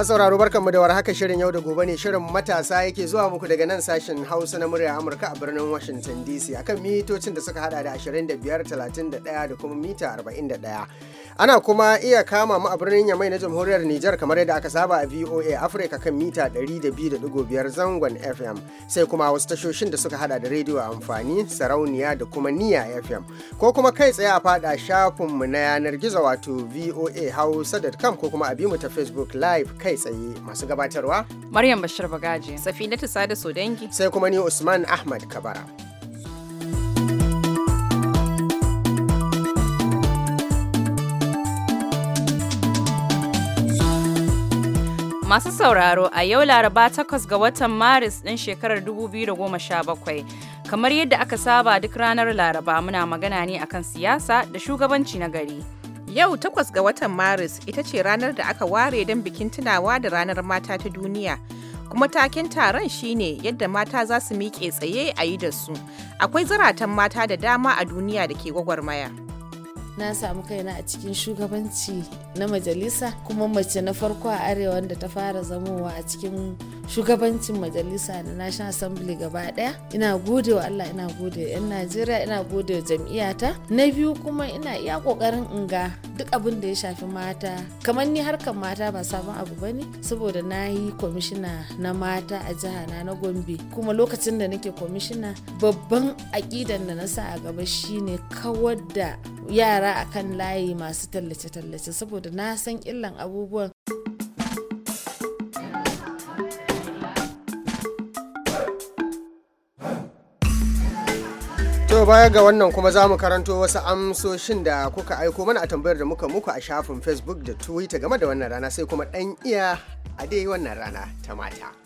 sauraro barkanmu da warhaka shirin yau da gobe ne shirin matasa yake zuwa muku daga nan sashen hausa na murya amurka a birnin washington dc akan mitocin da suka hada da 25 31 da kuma mita 41 ana kuma iya kama mu a birnin yamai na jamhuriyar Nijar kamar yadda aka saba a VOA Africa kan mita 102.5 zangon FM sai kuma wasu tashoshin da suka hada da rediyo a amfani sarauniya da kuma niya FM ko kuma kai tsaye a fada shafin mu na yanar gizo wato VOA Hausa.com ko kuma a bi mu ta Facebook live kai tsaye masu gabatarwa Maryam Bashir Bagaji Safinatu Sada Sodangi sai kuma ni Usman Ahmad Kabara Masu sauraro a yau Laraba takwas ga watan Maris ɗin shekarar 2017. Kamar yadda aka saba duk ranar Laraba muna magana ne akan siyasa da shugabanci na gari. Yau takwas ga watan Maris ita ce ranar da aka ware don bikin tunawa da ranar mata ta duniya. kuma takin taron shine yadda mata za su miƙe tsaye a yi da su akwai zaratan mata da dama a duniya da ke gwagwarmaya. na samu kaina a cikin shugabanci na majalisa kuma mace na farko a arewa da ta fara zamowa a cikin shugabancin majalisa da national assembly gaba daya ina gode wa allah ina gode yan najeriya ina gode wa jam'iyyata na biyu kuma ina iya kokarin in ga duk abin da ya shafi mata kamar ni harkar mata ba sabon abu ba ne saboda na yi kwamishina na mata a jiha na na gombe kuma lokacin da nake kwamishina babban aƙidan da na sa a gaba shine kawar da yara yara a kan layi masu tallace-tallace saboda na san illan abubuwan To baya ga wannan kuma za mu karanto wasu amsoshin da kuka aiko mana a tambayar da muka muku a shafin Facebook da Twitter game da wannan rana sai kuma dan iya a dai wannan rana ta mata.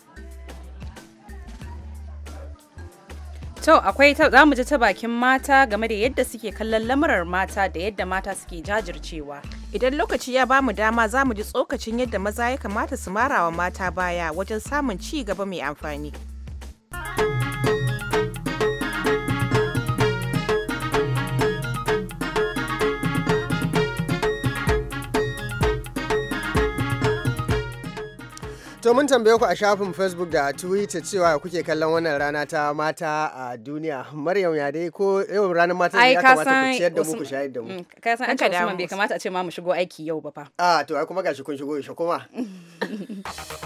To akwai za mu ji ta bakin mata game da yadda suke kallon lamurar mata da yadda mata suke jajircewa. Idan lokaci ya bamu dama za mu ji tsokacin yadda maza ya kamata su mara wa mata baya wajen samun ci gaba mai amfani. To mun tambaye ku a shafin Facebook da Twitter cewa kuke kallon wannan rana ta mata a duniya. Maryam ya dai ko yau ranar mata ya kamata ku ciyar da mu ku shayar da mu. Mm, ka san an ce Usman bai kamata a ce ma mu shigo aiki yau ba fa. Ah to ai kuma gashi kun shigo shi kuma.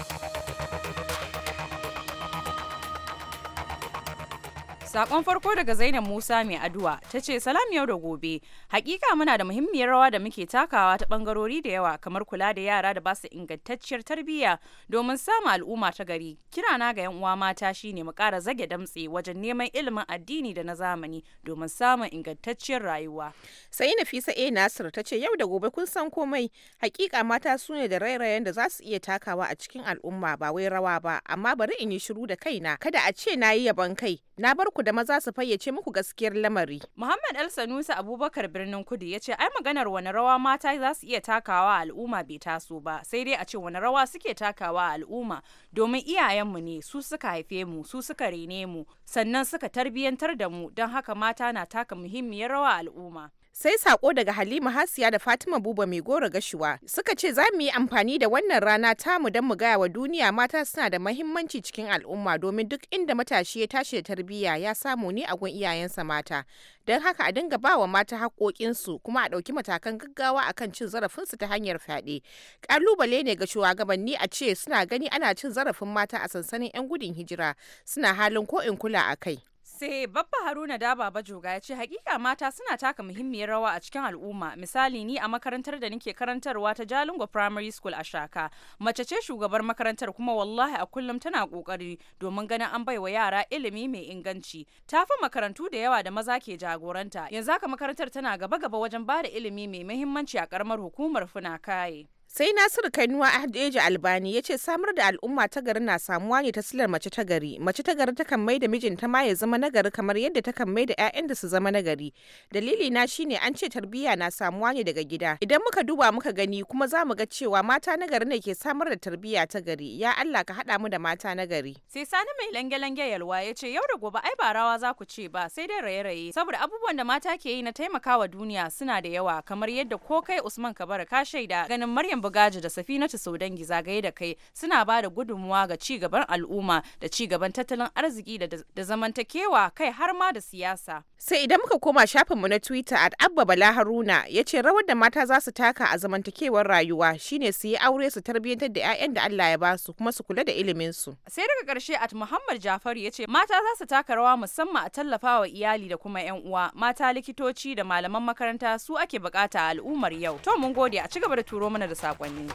Sakon farko daga Zainab Musa mai aduwa ta ce salam yau da gobe. Hakika muna da muhimmiyar rawa da muke takawa ta bangarori da yawa kamar kula da yara da basu ingantacciyar tarbiyya domin samun al'umma ta gari. Kirana ga yan uwa mata shine mu kara zage damtse wajen neman ilimin addini da na zamani domin samun ingantacciyar rayuwa. Sai Nafisa A Nasir ta ce yau da gobe kun san komai. Hakika mata su ne da rairayen da za su iya takawa a cikin al'umma ba wai rawa ba amma bari in yi shiru da kaina kada a ce na yi yaban kai na bar ku ku da maza su fayyace muku gaskiyar lamari. Muhammad El Sanusi Abubakar Birnin Kudu ya ce ai maganar wani rawa mata za su iya takawa al'umma bai taso ba sai dai a ce wani rawa suke takawa al'umma domin iyayenmu ne su suka haife mu su suka rene mu sannan suka tarbiyyantar da mu don haka mata na taka muhimmiyar rawa al'umma. sai sako daga halima hasiya da fatima buba mai goro gashuwa suka ce za mu yi amfani da wannan rana tamu don mu gaya wa duniya mata suna da mahimmanci cikin al'umma domin duk inda matashi ya tashi da tarbiyya ya samu ni a gun iyayensa mata don haka a dinga ba wa mata haƙoƙinsu kuma a ɗauki matakan gaggawa a kan cin zarafinsu ta hanyar fyaɗe ƙalubale ne ga shugabanni a ce suna gani ana cin zarafin mata a sansanin 'yan gudun hijira suna halin ko in kula a kai sai babba haruna da baba joga ya ce hakika mata suna taka muhimmiyar rawa a cikin al'umma misali ni a makarantar da nake karantarwa ta jalingo primary school a shaka mace ce shugabar makarantar kuma wallahi a kullum tana kokari domin ganin an baiwa yara ilimi mai inganci ta fi makarantu da yawa da maza ke jagoranta yanzu haka makarantar tana gaba gaba wajen bada ilimi mai muhimmanci a karamar hukumar funaka'i. sai nasiru kainuwa ahdeji albani ya ce samar da al'umma ta gari na samuwa ne ta silar mace ta gari mace ta gari takan mai da mijinta ma ya zama nagari kamar yadda takan mai da 'ya'yan da su zama nagari dalili na shine an ce tarbiyya na samuwa ne daga gida idan muka duba muka gani kuma za mu ga cewa mata nagari ne ke samar da tarbiyya ta gari ya Allah ka haɗa mu da mata nagari sai sani mai lange-lange yalwa ya ce yau da gobe ai ba rawa za ku ce ba sai dai raye-raye saboda abubuwan da mata ke yi na taimakawa duniya suna da yawa kamar yadda ko kai Usman Kabara ka shaida ganin Maryam Bugaji da Safinatu Sodangi zagaye da kai suna ba da gudunmuwa ga ci gaban al'umma da ci gaban tattalin arziki da zamantakewa kai har ma da siyasa. Sai idan muka koma shafinmu na Twitter at Abba Bala Haruna ya ce rawar da mata za su taka a zamantakewar rayuwa shine su yi aure su tarbiyyantar da 'ya'yan da Allah ya ba su kuma su kula da ilimin su. Sai daga karshe at Muhammad Jafaru ya ce mata za su taka rawa musamman a tallafawa iyali da kuma 'yan uwa mata likitoci da malaman makaranta su ake bukata a al'ummar yau. To mun gode a ci gaba da turo mana da sabo. sakonni.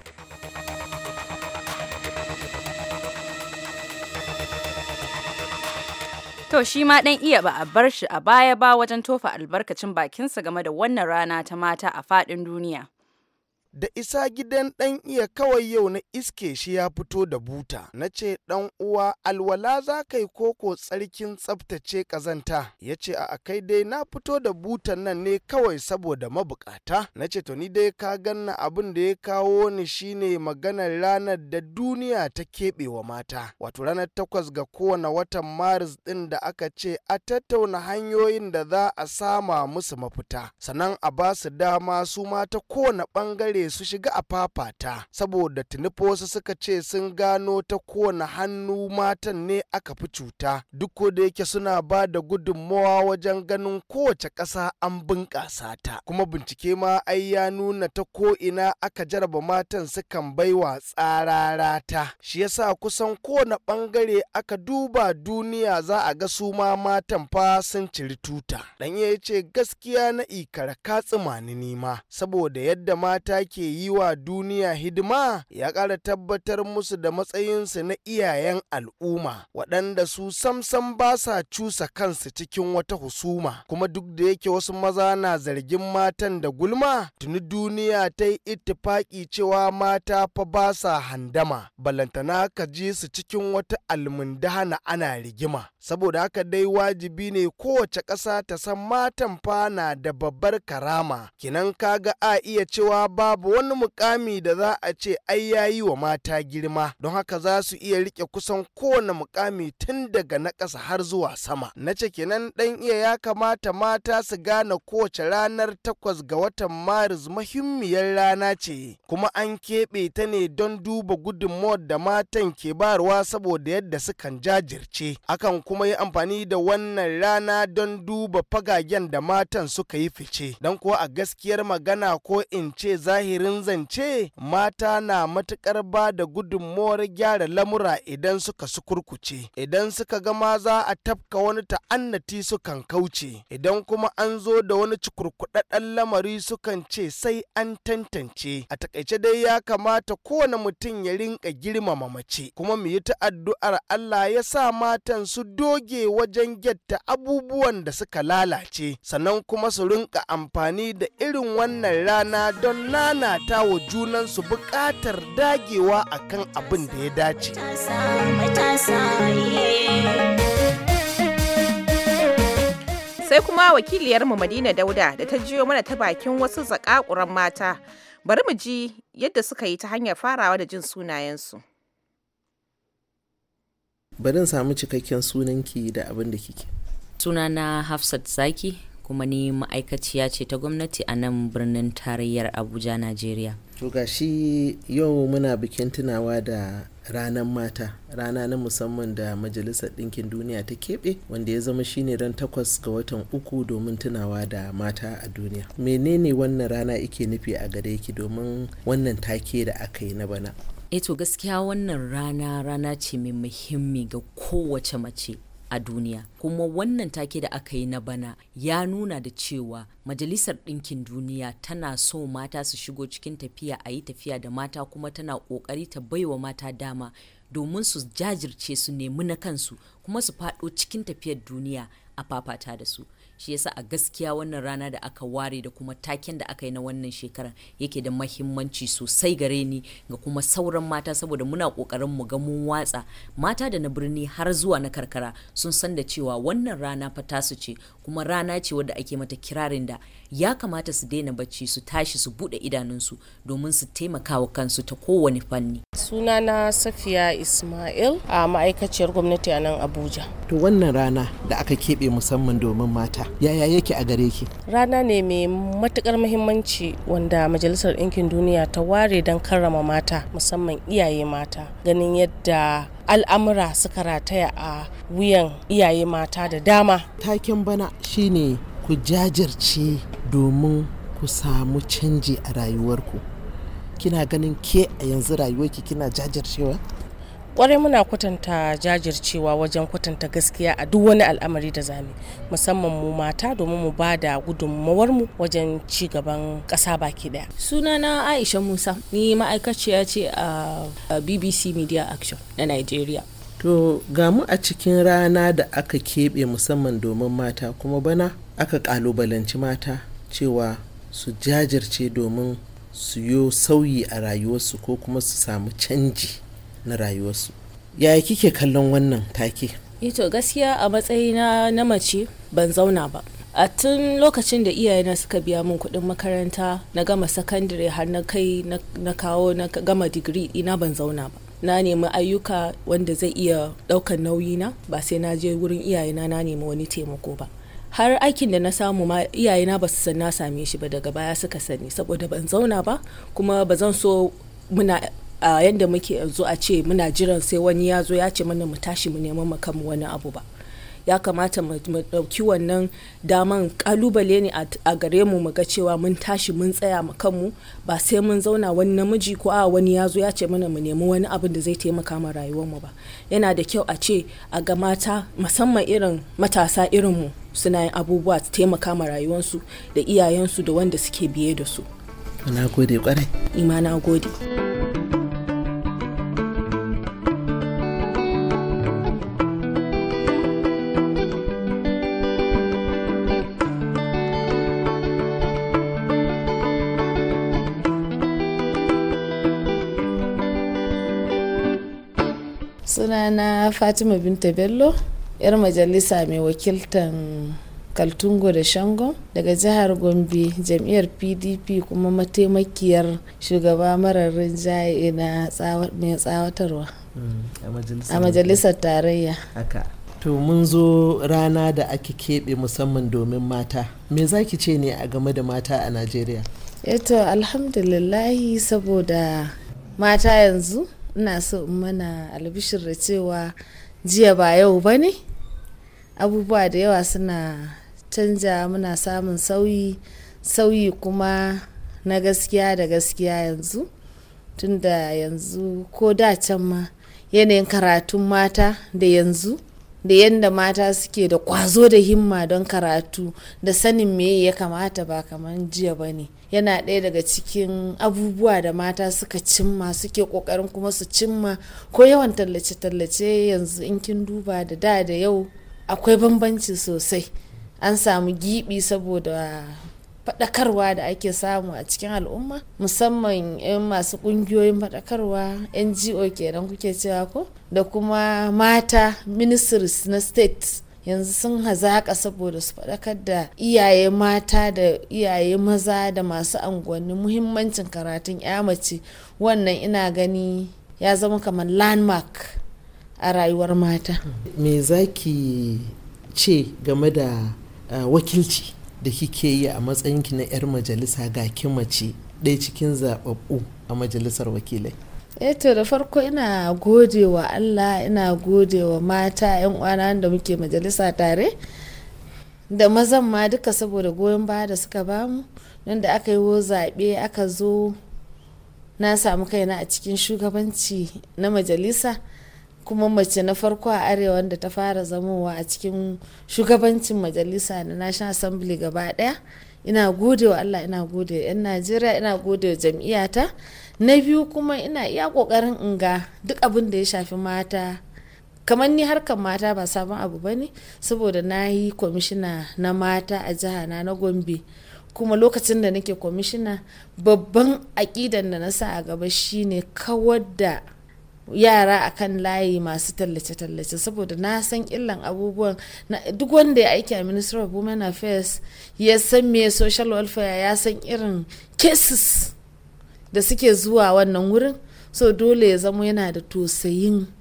To shi ma ɗan iya ba a bar shi a baya ba wajen tofa albarkacin bakinsa game da wannan rana ta mata a faɗin duniya. da isa gidan ɗan iya kawai yau na iske shi ya fito da buta na ce ɗan uwa alwala za ka yi koko tsarkin tsaftace ƙazanta ya ce a kai dai na fito da butan nan ne kawai saboda mabukata na ce to ni dai ka ganna abin da ya kawo ni shine maganar ranar da duniya ta keɓewa mata wato ranar takwas ga kowane watan maris ɗin da aka ce a tattauna hanyoyin da za a sama musu mafita sannan a ba su dama su mata kowane ɓangare kare su shiga a fafata saboda tunufo wasu suka ce sun gano ta kowane hannu matan ne aka fi cuta duk da yake suna ba da gudunmawa wajen ganin kowace ƙasa an bunƙasa ta kuma bincike ma ai ya nuna ta ko ina aka jaraba matan sukan baiwa tsarara ta shi yasa kusan kowane ɓangare aka duba duniya za a ga su ma matan fa sun ciri tuta ɗanye ya ce gaskiya na ikara katsima ni nima saboda yadda mata ke yi wa duniya hidima ya ƙara tabbatar musu da matsayinsu na iyayen al'umma waɗanda su samsam ba sa cusa kansu cikin wata husuma kuma duk da yake wasu maza na zargin matan da gulma tuni duniya ta yi ittifaki cewa mata fa ba sa handama balantana ka ji su cikin wata almundahana ana rigima saboda haka dai wajibi ne kowace ƙasa ta san matan fa na da babbar karama kinan kaga a iya cewa babu wani mukami da za a ce ai yayi wa mata girma don haka za su iya rike kusan kowane mukami tun daga na ƙasa har zuwa sama na ce kinan ɗan iya ya kamata mata su gane kowace ranar takwas ga watan maris muhimmiyar rana ce kuma an keɓe ta ne don duba gudunmawar da matan ke barwa saboda yadda sukan jajirce akan kuma kuma yi amfani da wannan rana don duba fagagen da matan suka yi fice don kuwa a gaskiyar magana ko in ce zahirin zance mata na matukar ba da gudunmuwar gyara lamura idan suka sukurkuce idan suka ga maza a tafka wani ta'annati sukan kauce idan kuma an zo da wani cikurkuɗaɗɗen lamari sukan ce sai an tantance a takaice dai ya kamata kowane mutum ya rinka girmama mace kuma mu yi ta Allah ya sa matan su doge wajen ta abubuwan da suka lalace sannan kuma su rinka amfani da irin wannan rana don nanata wa junansu buƙatar dagewa akan abin da ya dace. sai kuma wakiliyarmu madina dauda da ta jiyo mana ta bakin wasu zaƙaƙuran mata bari mu ji yadda suka yi ta hanyar farawa da jin sunayensu. bari samu cikakken sunanki da abin da kike na hafsat zaki kuma ni ma'aikaciya ce ta gwamnati a nan birnin tarayyar abuja najeriya to gashi yau muna bikin tunawa da ranar mata rana na musamman da majalisar ɗinkin duniya ta keɓe wanda ya zama shine ran takwas ga watan uku domin tunawa da mata a duniya menene wannan rana ike nufi a gare ki domin wannan take da aka yi na bana e to gaskiya wannan rana rana ce mai muhimmi ga kowace mace a duniya kuma wannan take da aka yi na bana ya nuna da cewa majalisar ɗinkin duniya tana so mata su shigo cikin tafiya a yi tafiya da mata kuma tana ƙoƙari ta baiwa mata dama domin su jajirce su nemi na kansu kuma su faɗo cikin tafiyar duniya a fafata da su shi yasa a gaskiya wannan rana da aka ware da kuma taken da aka yi na wannan shekarar yake da mahimmanci sosai gare ni ga kuma sauran mata saboda muna kokarin mu ga mun watsa mata da na birni har zuwa na karkara sun san da cewa wannan rana fa tasu ce kuma rana ce wadda ake mata kirarin da ya kamata su daina bacci su tashi su bude idanunsu domin su taimaka wa kansu ta kowane fanni suna na safiya ismail a ma'aikaciyar gwamnati a nan abuja to wannan rana da aka keɓe musamman domin mata yaya yake a gare ki rana ne mai matukar muhimmanci wanda majalisar ɗinkin duniya ta ware don karrama mata musamman iyaye mata ganin yadda al'amura suka rataya a wuyan iyaye mata da dama taken bana shine ku jajirce domin ku samu canji a rayuwarku kina ganin ke a yanzu rayuwarki kina jajircewa kwarai muna kwatanta jajircewa wajen kwatanta gaskiya a duk wani al'amari da zane musamman mu mata domin mu ba da gudunmawar mu wajen ci gaban ƙasa baki daya sunana aisha musa ni ma'aikaciya ce a bbc media action na nigeria to ga mu a cikin rana da aka keɓe musamman domin mata kuma bana aka ƙalubalanci mata cewa su jajirce domin su yo sauyi a rayuwarsu ko kuma su samu canji na rayuwarsu yaya kike kallon wannan take ito eh gaskiya a matsayina na mace ban zauna ba a tun lokacin da iyayena suka biya min kuɗin makaranta na gama sakandare har na kai na kawo na gama digiri ina ban zauna ba na nemi ayyuka wanda zai iya ɗaukan na ba sai na je wurin iyayena na nemi wani taimako ba har aikin da na samu ma iyayena ba su san na same shi ba daga baya suka sani saboda ban zauna ba kuma ba zan so muna a yadda muke yanzu a ce muna jiran sai wani ya zo ya ce mana mu tashi mu neman mu wani abu ba ya kamata mu ɗauki wannan daman kalubale ne a gare mu mu ga cewa mun tashi mun tsaya mu kanmu ba sai mun zauna wani namiji ko a wani ya zo ya ce mana mu nemi wani abin da zai taimaka ma rayuwar mu ba yana da kyau a ce a ga mata musamman irin matasa irin mu suna yin abubuwa su taimaka ma rayuwarsu da iyayensu da wanda suke biye da su na gode kwarai ima gode sunana fatima binta bello 'yar majalisa mai wakiltan kaltungo da shango daga jihar gombe jam'iyyar pdp kuma mataimakiyar shugaba marar rinjaye na mai tsawatarwa mm, a majalisar tarayya to mun zo rana da ake keɓe musamman domin mata me za ki ce ne a game da mata a najeriya eto eh alhamdulillahi saboda mata yanzu ina so in mana albishir da cewa jiya ba yau ba ne abubuwa da yawa suna canja muna samun sauyi sauyi kuma na gaskiya da gaskiya yanzu tunda yanzu ko da can ma yanayin karatun mata da yanzu da yadda mata suke da kwazo da himma don karatu da sanin me ya kamata ba kamar jiya ba ne yana ɗaya daga cikin abubuwa da mata suka cimma suke ƙoƙarin kuma su cimma ko yawan tallace-tallace yanzu in kin duba da da da yau akwai bambanci sosai an samu giɓi saboda faɗakarwa da ake samu a cikin al'umma musamman 'yan masu ƙungiyoyin faɗakarwa ngo kenan kuke cewa ko da kuma mata ministries na state yanzu sun hazaƙa saboda su faɗakar da iyaye mata da iyaye maza da masu unguwanni muhimmancin karatun ya mace wannan ina gani ya zama kamar landmark a rayuwar mata me zaki ce game da ah, wakilci da kike yi a matsayinki na 'yar majalisa ga mace ɗaya cikin zaɓaɓɓu a majalisar wakilai eh to da farko ina gode wa allah ina gode wa mata 'yan uwana da muke majalisa tare da mazan ma duka saboda goyon baya da suka bamu nan da aka yi wo zaɓe aka zo na samu kaina a cikin shugabanci na majalisa kuma mace na farko a arewa da ta fara zamowa a cikin shugabancin majalisa na national assembly gaba daya ina gode wa allah ina gode wa 'yan najeriya ina gode wa jam'iyyata na biyu kuma ina iya kokarin in ga duk abin da ya shafi mata kamar ni harkar mata ba sabon abu ba ne saboda na yi kwamishina na mata a jiha na na gombe kuma lokacin da nake kwamishina babban aƙidan da na sa a gaba shine kawar da yara akan layi masu tallace-tallace saboda na san illan abubuwan duk wanda ya aiki a minister of women affairs ya san me social welfare ya san irin cases da suke zuwa wannan wurin so dole ya zama yana da tosayin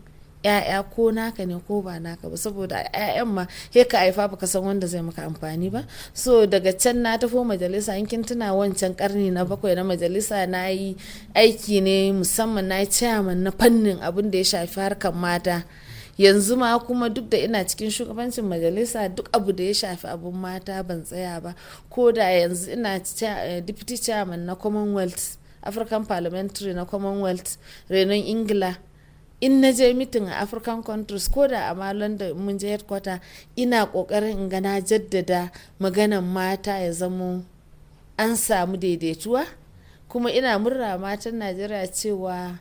'ya'ya ko naka ne ko ba naka ba saboda 'ya'yan ma he ka haifa baka san wanda zai maka amfani ba so daga can na tafi majalisa in kin tuna wancan karni na bakwai na majalisa na yi aiki ne musamman na yi chairman na fannin abin da ya shafi harkar mata yanzu ma kuma duk da ina cikin shugabancin majalisa duk abu da ya shafi abun mata ban tsaya ba ko da yanzu ina eh, deputy chairman na commonwealth african parliamentary na commonwealth renon ingila in na je mitin a african countries ko da a london mun je headquarter ina kokarin in ga jaddada maganan mata ya zamo an samu daidaituwa kuma ina murna matan najeriya cewa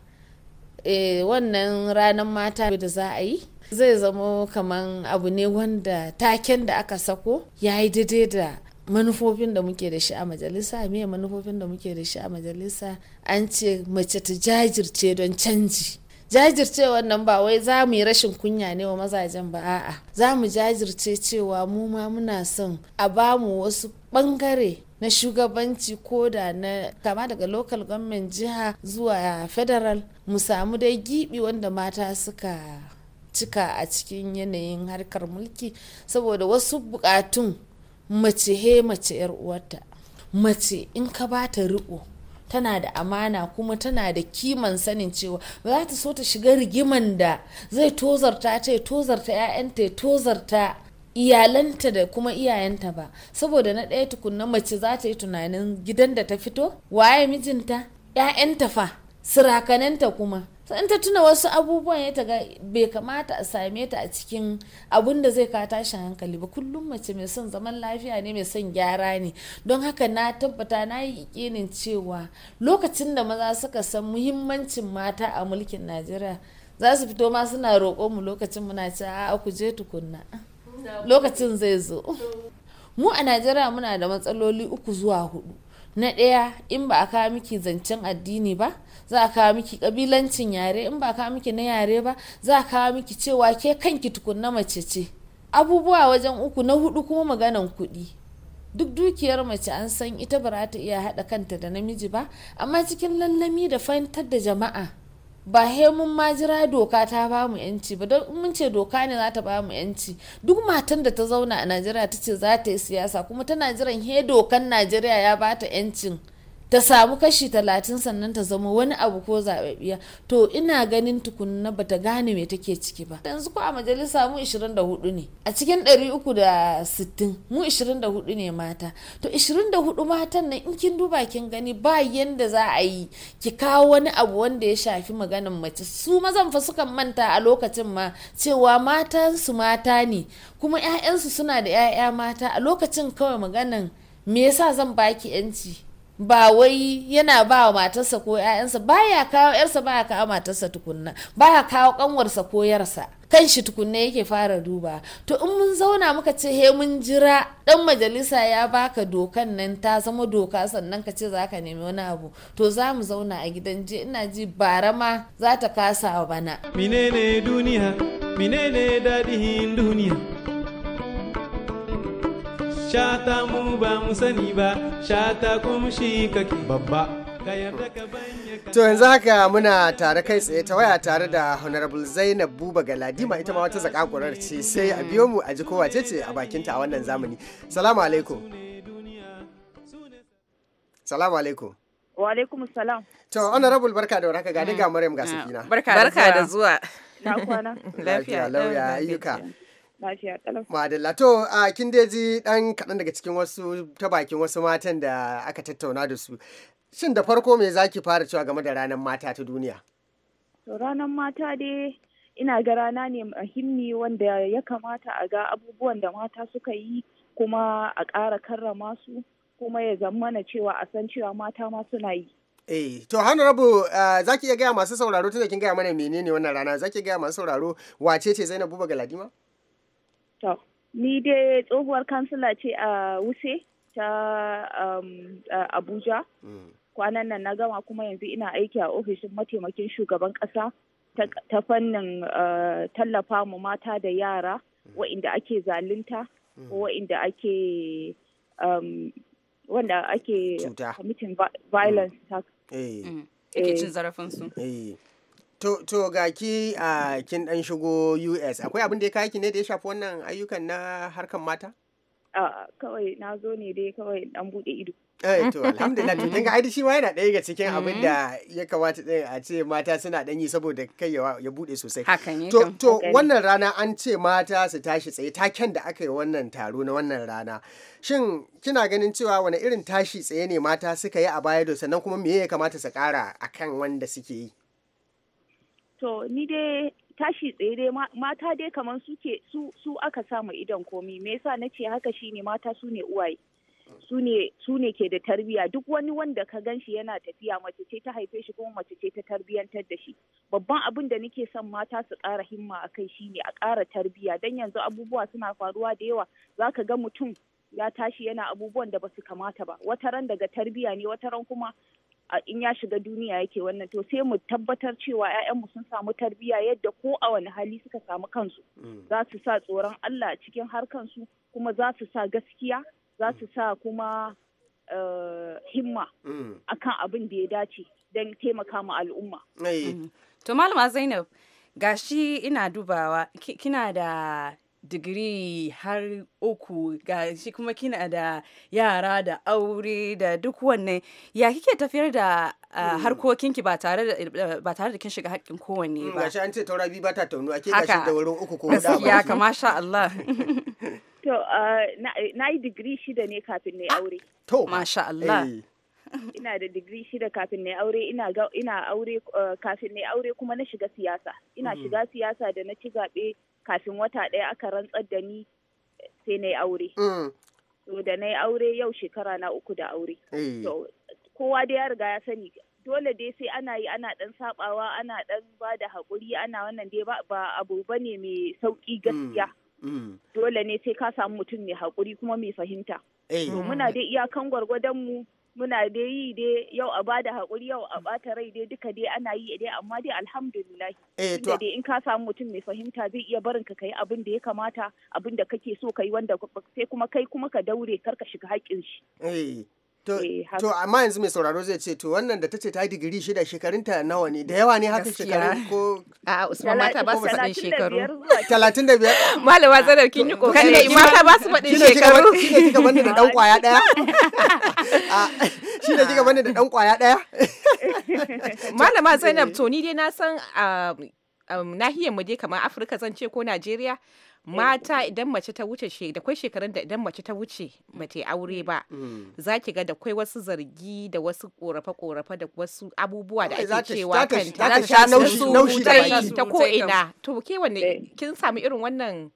e, wannan ranar mata da za a yi zai zama kamar abu ne wanda taken da aka sako ya yi daidai da manufofin da muke da shi a majalisa me manufofin da muke da shi a majalisa an ce mace ta jajirce don canji jajircewar nan ba wai za mu yi rashin kunya ne wa mazajen ba a'a za mu jajirce cewa mu ma muna son a ba mu wasu bangare na shugabanci ko da na kama daga local government jiha zuwa federal mu samu dai gibi wanda mata suka cika a cikin yanayin harkar mulki saboda wasu bukatun mace he mace 'yar uwarta mace in ka ba ta riko tana da amana kuma tana da kiman sanin cewa ba za ta so ta shiga rigiman da zai tozarta ta ya tozarta 'ya'yanta ya tozarta iyalanta da kuma iyayenta ba saboda na ɗaya tukunna mace za ta yi tunanin gidan da ta fito waye mijinta 'ya'yanta fa sirakananta kuma to in ta tuna wasu abubuwan ya ga bai kamata a same ta a cikin abun da zai kawo tashin hankali ba kullum mace mai son zaman lafiya ne mai son gyara ne don haka na tabbata na yi ikinin cewa lokacin da maza suka san muhimmancin mata a mulkin najeriya za su fito ma suna roƙo mu lokacin muna ce a ku je tukunna lokacin zai zo mu a najeriya muna da matsaloli uku zuwa hudu na ɗaya in ba a kawo miki zancen addini ba za a kawo miki kabilancin yare in ba kawo miki na yare ba za a kawo miki cewa ke kanki tukunna mace ce abubuwa wajen uku na hudu kuma maganan kuɗi duk dukiyar mace an san ita ba ta iya haɗa kanta da namiji ba amma cikin lallami da fahimtar da jama'a ba he mun ma jira doka ta ba mu yanci ba don mun ce doka ne za ta ba mu yanci duk matan da ta zauna a najeriya ta ce za ta yi siyasa kuma tana jiran he dokan najeriya ya ba ta yancin ta samu kashi talatin sannan ta zama wani abu ko zaɓaɓɓiya to ina ganin tukunna bata gane me take ciki ba yanzu ko a majalisa mu 24 ne a cikin 360 mu 24 ne mata to 24 matan nan in kin duba kin gani ba yanda za a yi ki kawo wani abu wanda ya shafi maganin mace su mazan fa sukan manta a lokacin ma cewa matan su mata ne kuma 'ya'yansu suna da 'ya'ya mata a lokacin kawai maganan me yasa zan baki 'yanci ba wai yana ba wa matarsa ko 'ya'yansa ya kawo 'yarsa ya kawo matarsa tukunna ya kawo ƙanwarsa ko yarsa kan shi tukunna yake fara duba to in mun zauna muka ce he mun jira ɗan majalisa ya baka dokan nan ta zama doka sannan ka ce zaka nemi wani abu to za mu zauna a gidan je ina ji bara ma za ta kasa bana menene duniya menene dadihin duniya shata mu ba mu sani ba shata kuma shi kake babba To yanzu haka muna tare kai tsaye ta waya tare da Honorable Zainab Buba Galadima ita ma wata zakakurar ce sai a biyo mu a ji kowace ce a bakinta a wannan zamani. Salamu alaikum. Salamu alaikum. Wa alaikum salam. To Honorable barka da warhaka ga ga Maryam ga Safina. Barka da zuwa. Na kwana. Lafiya lauya ayyuka. lafiya madalla a kin dai ji dan kaɗan daga cikin wasu ta bakin wasu matan da aka tattauna da su shin da farko me zaki fara cewa game da ranar mata ta duniya to ranar mata dai ina ga rana ne muhimmi wanda ya kamata a ga abubuwan da mata suka yi kuma a ƙara karrama su kuma ya zammana cewa a san cewa mata ma suna yi Eh, to hannu rabu za ki iya gaya masu sauraro da kin gaya mana menene wannan rana za ki gaya masu sauraro wace ce Zainab Buba Galadima? Ni dai tsohuwar kansila ce a Wuse ta um, Abuja. Mm. Kwanan nan na gama kuma yanzu ina aiki a ofishin mataimakin shugaban ƙasa ta fannin uh, tallafa mu mata da yara mm. wa'inda ake zalunta mm. ko wa'inda ake um, wanda ake committing violence. Eh. Ake cin zarafinsu. Eh. to ga ki a kin dan shigo US akwai abin da ya kaki ne da ya shafi wannan ayyukan na harkan mata? A'a kawai na zo ne dai kawai dan bude ido. Eh to alhamdulillah to kinga aidi shi ma yana ɗaya ga cikin abin da ya kamata a ce mata suna dan yi saboda kai ya bude sosai. To to wannan rana an ce mata su tashi tsaye taken da aka yi wannan taro na wannan rana. Shin kina ganin cewa wani irin tashi tsaye ne mata suka yi a baya da sannan kuma me ya kamata su kara akan wanda suke yi? to ni dai tashi tsaye dai mata dai kamar suke su su aka samu idon komi me yasa nace haka shine mata su ne uwaye su ne ke da tarbiyya duk wani wanda ka gan shi yana tafiya mace ce ta haife shi kuma mace ce ta tarbiyantar da shi babban abin da nake son mata su kara himma a kai shine a kara tarbiyya don yanzu abubuwa suna faruwa da yawa za ka ga mutum ya tashi yana abubuwan da ba su kamata ba wataran daga tarbiyya ne wataran kuma in ya shiga duniya yake wannan to sai mu tabbatar cewa mu sun samu tarbiyya yadda ko a wani hali suka samu kansu mm. za su sa tsoron Allah a cikin harkansu kuma za su sa gaskiya za su sa kuma eh, himma mm. akan abin da ya dace don taimaka ma al'umma. Mm. To malama Zainab gashi ina dubawa kina da digiri har uku ga shi kuma kina da yara da aure da duk wannan ya kike tafiyar da mm. harkokinki ba tare da eh, eh, ba tare da kin shiga haƙƙin kowanne mm, ba gashi an ce taura bi ba ta taunu ake gashi da wurin uku ko da ba ya kama sha Allah to na yi digiri shida ne kafin na aure to masha Allah eh. ina da digiri shida kafin na aure ina ina aure kafin na aure kuma na shiga siyasa ina mm. shiga siyasa da na ci zabe kafin wata ɗaya aka rantsar da ni sai na yi aure. Mm. To da na yi aure yau shekara na uku da aure. Eh. Kowa dai ya riga ya sani dole dai sai ana yi ana ɗan sabawa ana ɗan ba da haƙuri ana wannan dai ba abu ba ne mai sauƙi mm. gaskiya. Mm. Dole ne sai ka samu mutum mai haƙuri kuma mai fahimta. Eh. To muna dai iyakan gwargwadon mu muna da yi dai yau a bada haƙuri yau a bata rai dai duka dai ana yi dai amma dai alhamdulillah inda eh, dai in ka samu mutum mai fahimta zai iya barin ka kai abin da ya kamata abin da kake so kai wanda sai kuma kai kuma ka daure kar ka shiga haƙƙin shi eh. Eh, to amma yanzu mai sauraro zai ce to wannan da ta ce ta yi digiri shida shekarunta nawa ne da yawa ne haka shekaru ko a Usman mata ba su faɗin shekaru 35 malama zanar kin yi kokari mata ba su faɗin shekaru Shi kika bani da dan kwaya daya shine kika bani da dan kwaya daya malama Zainab to ni dai na san ah, ah, nahiyar mu dai kamar Afirka zan ce ko Najeriya mata idan mace ta wuce she da kwai shekarun da idan mace ta wuce ba ta aure ba mm. za ki ga da kwai wasu zargi da wasu korafe korafe da wasu abubuwa da ake cewa kanta za ta sha naushi ta ko ina to ke wanne eh. kin samu irin wannan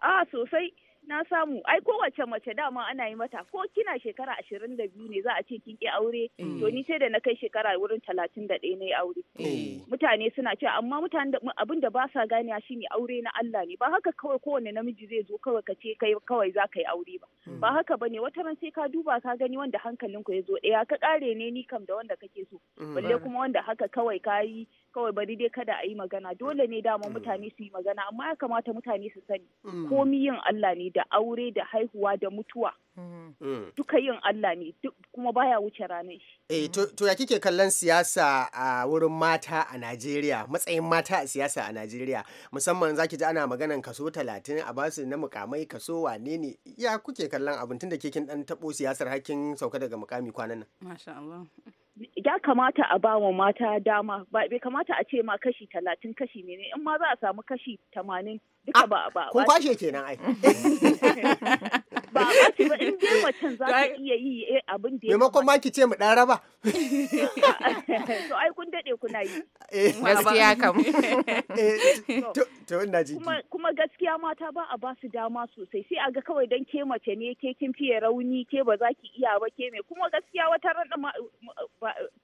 a ah, sosai na samu ai kowace mace dama ana yi mata ko kina shekara ashirin da biyu ne za a ce kin ki aure to eh. ni sai da na kai shekara wurin talatin da ɗaya na yi aure eh. mutane suna cewa amma mutane abin da ba sa gane shine aure na Allah ne ba haka kawai kowane namiji zai zo kawai ka ce kai kawai za ka yi aure ba hmm. ba haka ba ne wata ran sai ka duba ka gani wanda hankalinku ya zo ɗaya ka kare ne ni kam da wanda kake so hmm. balle kuma wanda haka kawai ka yi kawai bari dai kada a yi magana dole ne dama mm. mutane su yi magana amma ya kamata mutane su sani mm. komi yin Allah ne da aure da haihuwa da mutuwa mm. duka yin Allah ne kuma baya wuce ranar shi eh to ya kike kallon siyasa a wurin mata a Najeriya matsayin mata a siyasa a Najeriya musamman zaki ji ana maganan kaso talatin a basu na mukamai kaso wane ne ya kuke kallon abin tunda ke kin dan tabo siyasar hakkin sauka daga mukami kwanan nan masha Allah ya kamata a ba wa mata dama ba bai kamata a ce ma kashi talatin kashi ne in ma za a samu kashi tamanin duka ba ba kun kwashe kenan ai ba ba ba in dai macen za ta iya yi eh, abin da ya maimakon ma ki ce mu dan raba to ai kun dade kuna yi eh. gaskiya kam eh to ina ji kuma gaskiya mata ba a ba su dama sosai sai a ga kawai don ke mace ne ke kin fiye rauni ke ba za ki iya ba ke me kuma gaskiya wata ran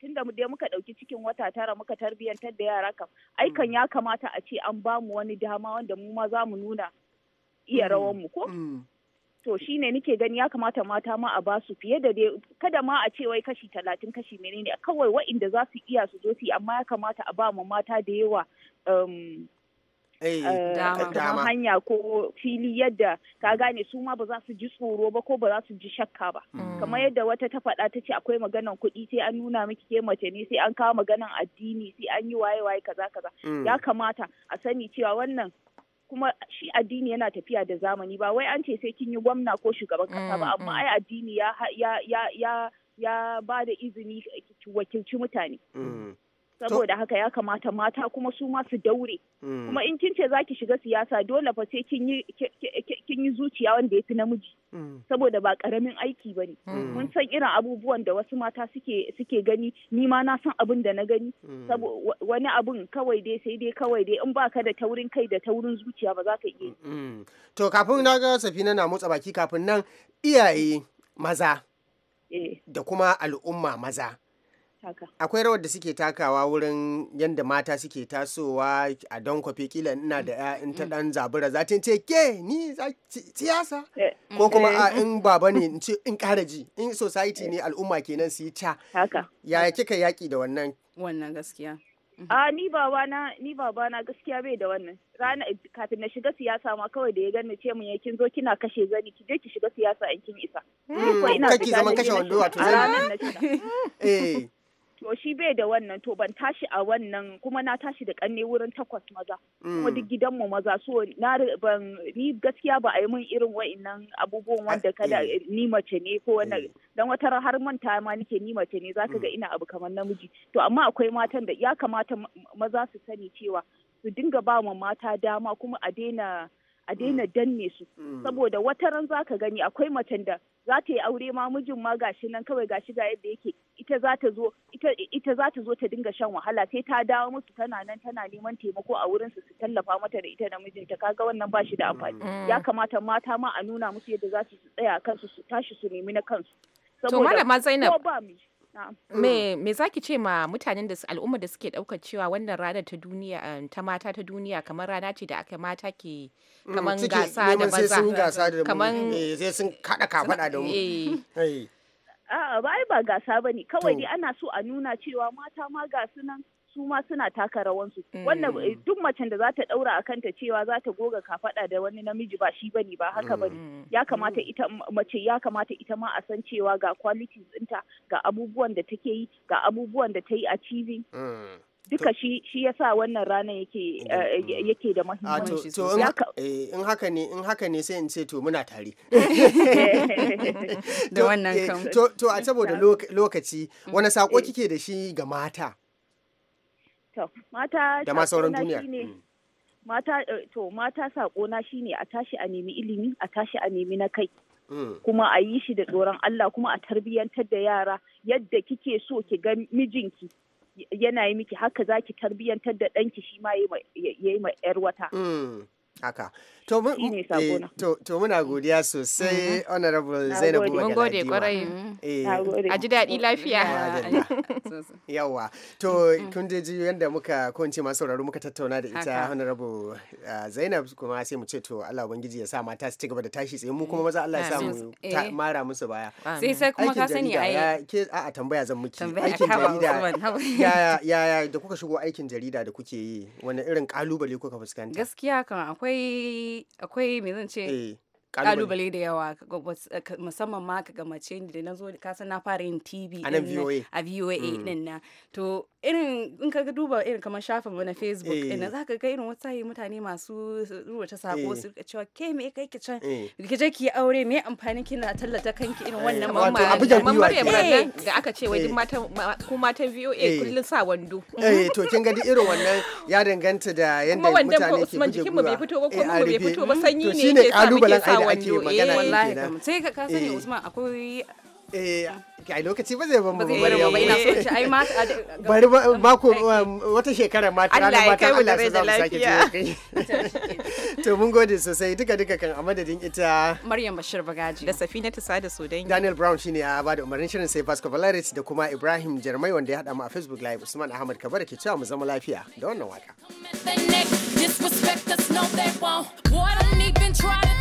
tunda da dai muka dauki cikin wata tara muka tarbiyyantar da yara kam aikan ya kamata a ce an ba wani dama wanda mu ma za mu nuna iya mm. rawan mu ko mm. to shine nike gani ya kamata mata ma a ba su fiye da dai kada ma a ce wai kashi talatin kashi menene kawai wa'inda za su iya su zo su amma ya kamata a ba mu mata da yawa um, Eh, eh, kamar hanya ko fili yadda ka gane su ma ba za su ji tsoro ba ko ba za su ji shakka ba mm. kamar yadda wata ta faɗa ta ce akwai maganan kuɗi sai an nuna miki ke mace ne sai an kawo maganan addini sai an yi waye waye kaza kaza mm. ya kamata a sani cewa wannan kuma shi addini yana tafiya da zamani ba wai an ce sai kin yi gwamna ko shugaban kasa ba mm, amma ai addini ya ya ya ya ba da izini wakilci mutane saboda haka ya kamata mata kuma su ma su daure mm. kuma in kin ce zaki shiga siyasa dole fa sai kin yi kin yi zuciya wanda ya fi namiji mm. saboda ba karamin aiki bane mm. mun san irin abubuwan da wasu mata suke suke gani ni ma na san abin da na gani wani abun kawai dai sai dai kawai dai in baka da taurin kai da taurin zuciya ba za ka iya to kafin na ga safina na motsa baki kafin nan iyaye maza eh. da kuma al'umma maza taka akwai rawar da suke takawa wurin yadda mata suke tasowa a don kwafi kila ina da ya in ta dan mm. zabura za ta ce ke ni siyasa eh. ko kuma eh. a in baba ne in ce in kara ji in society ne eh. al'umma kenan su yi ca yaya kika yaki da wannan wannan gaskiya mm-hmm. A ni babana ni na gaskiya bai da wannan. Rana kafin na shiga siyasa ma kawai da ya gani ce mun kin zo kina kashe zani ki je ki shiga siyasa in kin isa. Hmm, ni ko ina kashe kashe wando wato zani. Eh. shi bai da wannan to ban tashi a wannan kuma na tashi da kanne wurin takwas maza kuma duk gidanmu maza so na ban ni gaskiya ba a yi min irin wa'annan abubuwan wanda ah, kada eh. ni mace ne ko wannan eh. dan wata har manta ma nake ni mace ne zaka ga mm. ina abu kamar namiji to amma akwai matan da ya kamata maza su sani cewa su dinga ba mu mata dama kuma a daina a daina mm. danne su mm. saboda wata ran za ka gani akwai macen da za ta yi aure ma mijin ma gashi nan kawai gashi ga yadda yake ita za ta zo ita za ta zo ta dinga shan wahala sai ta dawo musu tana nan tana neman taimako a wurin su su tallafa mata da ita da mijinta kaga wannan ba shi da amfani mm. ya kamata mata ma a nuna musu yadda za su tsaya kansu su tashi su nemi na kansu saboda ko ba mu. me mm. me zaki ce ma mutanen da al'umma da suke daukar cewa wannan rana ta duniya eh, ta mata ta duniya kamar rana ce da aka mata ke mm, kamar gasa da maza kamar eh, sai sun kada kafada da mu eh. a'a bai ba gasa bane kawai dai ana so a nuna cewa mata ma ga su nan su ma suna taka rawansu mm. wannan eh, duk macen da za ta daura a kanta cewa za ta goga kafada da wani namiji ba shi bane ba haka bane mm. ya kamata ita mace ya kamata ita ma a san cewa ga qualities dinta ga abubuwan da take yi ga abubuwan da ta yi a mm. duka shi shi yasa wannan rana yake eh, eh, yake da ah, muhimmanci in haka ne in haka ne sai in ce to muna tare da wannan kan to a saboda lokaci wani sako kike da shi ga mata To, mata da ma sauran duniya. Mm. Mata eh, to mata shi shine a tashi a nemi ilimi, a tashi a nemi na kai. Mm. Kuma a yi shi da tsoron Allah kuma a tarbiyyantar da yara yadda kike so ki ga mijinki yana yi miki haka ki tarbiyyantar da ɗanki shi ma ya yi ma 'yar wata. Mm. haka eh, to muna godiya sosai mm-hmm. honorable zainabu mun gode kwarai mm-hmm. eh, a ji daɗi lafiya yawa to mm-hmm. kun je ji yadda muka kunce masu sauraro muka tattauna da ita honorable eh, zainab kuma sai mu ce to Allah ubangiji ya sa mata su ci gaba da tashi tsaye mu kuma maza Allah ya sa mu mara musu baya sai sai kuma ka sani ai ke a tambaya zan miki aikin jarida ya ya da kuka shigo aikin jarida da kuke yi wani irin kalubale kuka fuskanta gaskiya kan akwai akwai akwai me zan ce kalubale eh, da yawa musamman ma ka mace da na zo ka san na fara yin tv a VOA din mm. nan to irin in ka duba irin kamar shafinmu na facebook ina eh. za ka ga irin wata mutane masu rubuta sako eh. su cewa ke me kai ki can eh. ki je ki aure me amfani kina tallata kanki irin wannan mamma mamma da aka ce wai duk matan ko matan VOA kullun sa wando eh to kin ga irin wannan ya danganta da yanda mutane ke guje jikin mu bai fito ba ko mu bai fito ba sanyi ne ke sa muke sa wando eh wallahi sai ka sani Usman akwai eh a lokaci ba zai ban ba bari ba ina so shi ai ma bari ba ku um, wata shekara ma ta rana ba ta Allah da lafiya to mun gode sosai duka duka kan a madadin ita Maryam Bashir Bagaji da Safina Tsada Sodangi Daniel Brown shine ya bada umarnin shirin sai Vasco Valeris da kuma Ibrahim Jarmai wanda ya hada mu a Facebook live Usman Ahmad Kabara ke cewa mu zama lafiya da wannan waka Disrespect us, no, they won't. What trying